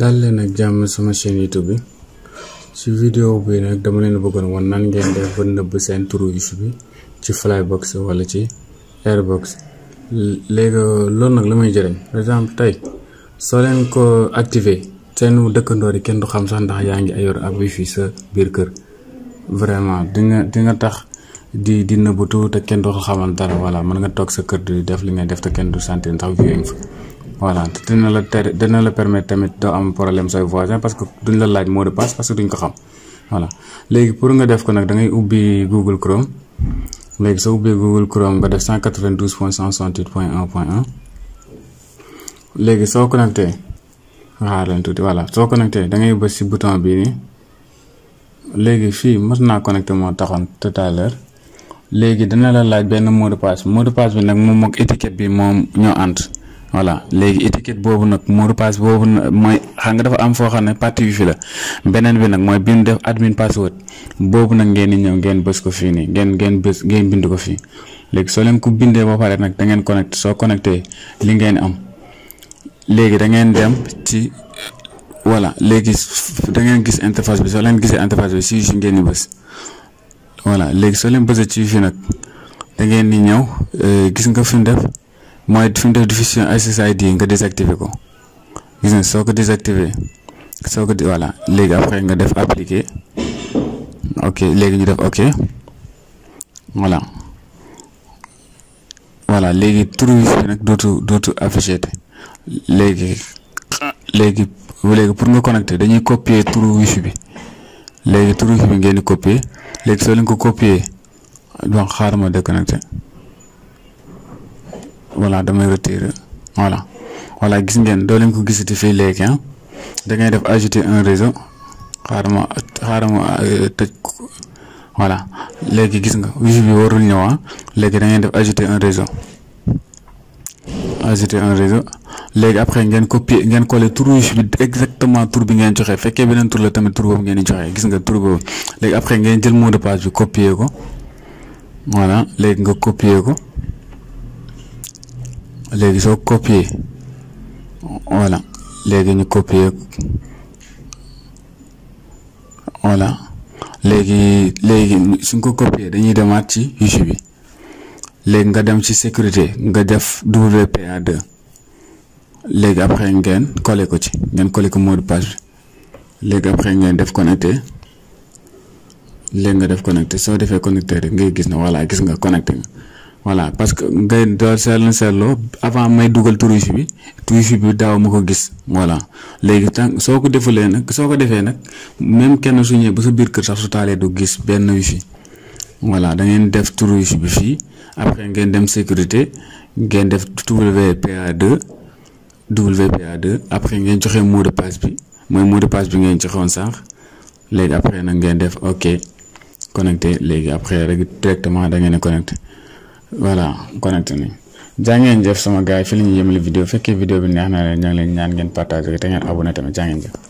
daal leen ak jàmm sama chaîne youtube bi ci vidéo bi nag dama leen bëggoon wan nan ngeen def ba nëbb seen turu wifi bi ci flybox walla ci airbox léegi loolu nag la may jëriñ par exemple tey soo leen ko activé seen dëkkandoor yi kenn du xam sax ndax yaa ngi ayor ab fii sa biir kër vraiment dina dina tax di di nëbbatu te kenn du ko xamal dara voilà mën nga toog sa kër di def li ngay def te kenn du sentir ndax viewing fa voilà te dina la ter dina la permettre tamit doo am problème say voisin parce que duñ la laaj moo de passe parce que duñ ko xam voilà léegi pour nga def ko nag dangay ngay ubbi Google Chrome léegi soo ubbee Google Chrome nga def 192 point 168 point 1 point 1 léegi soo connecté xaar leen tuuti voilà soo connecté da ngay bës si bouton bi nii léegi fii mos naa connecté moo taxoon tout à l'heure léegi dana la laaj benn mot de passe mot de bi nag moom mook étiquette bi moom ñoo ànd voilà léegi étiquette boobu nag mot de boobu boobu mooy xam nga dafa am foo xam ne partie wi fi la beneen bi nag mooy bi ñu def admin password boobu nag ngeen di ñëw ngeen bës ko fii nii ngeen ngeen bës ngeen bind ko fii léegi soo leen ko bindee boo pare nag da ngeen connecté soo connecté li ngeen am léegi da ngeen dem ci voilà léegi da ngeen gis interface bi soo leen gisee interface si ngeen di bës. voilà léegi soo leen bësee ci fii nag da ngeen di ñëw euh, gis nga fi mu def mooy fi mu def diffusion SSID nga désactiver ko gis nga soo ko désactiver soo ko voilà léegi après nga def appliquer ok léegi ñu def ok voilà voilà léegi tur wifi nag dootu dootu affiché léegi léegi léegi pour nga connecté dañuy copier tour wifi bi. léegi turu bi ngeen di léegi soo leen ko copier donc xaaral ma déconnecté voilà damay retirer voilà voilà gis ngeen doo leen ko gisati fii léegi ah da ngay def ajouter un réseau xaaral ma xaaral ma euh, voilà léegi gis nga wifi bi warul ñëw ah léegi da ngay def ajouter un réseau ajouter un réseau. léegi après ngeen copier ngeen coller tur bi exactement tur bi ngeen joxe fekkee beneen tur la tamit tur boobu ngeen di gis nga tur boobu léegi après ngeen jël mot de passe bi copier ko voilà léegi nga copier ko léegi soo copier voilà léegi ñu voilà léegi léegi suñ ko copier dañuy demaat ci fichier bi léegi nga dem ci sécurité nga def wpa d léegi après ngeen collé ko ci ngeen collé ko moo de passe bi léegi après ngeen def connecté léegi nga def connecté soo defee connecté rek ngay gis na voilà gis nga connecté nga voilà parce que ngay doo seetlu seetloo avant may dugal tur wifi bi tur wifi bi daaw ma ko gis voilà léegi tant soo ko defulee nag soo ko defee nag même kenn su ñëwee ba sa biir kër sax su taalee du gis benn wifi voilà da ngeen def tur wifi bi fii après ngeen dem sécurité ngeen def WPA2. WPA2 après ngeen joxe mot de passe bi mooy mot de passe bi ngeen joxoon sànq léegi après nag ngeen def ok connecté léegi après rek directement da ngeen a connecté voilà connecté nañ jaa ngeen jëf sama gars yi fi la ñuy yemale vidéo fekkee vidéo bi neex na leen ñoo leen ñaan ngeen partage te ngeen abonné tamit jaa ngeen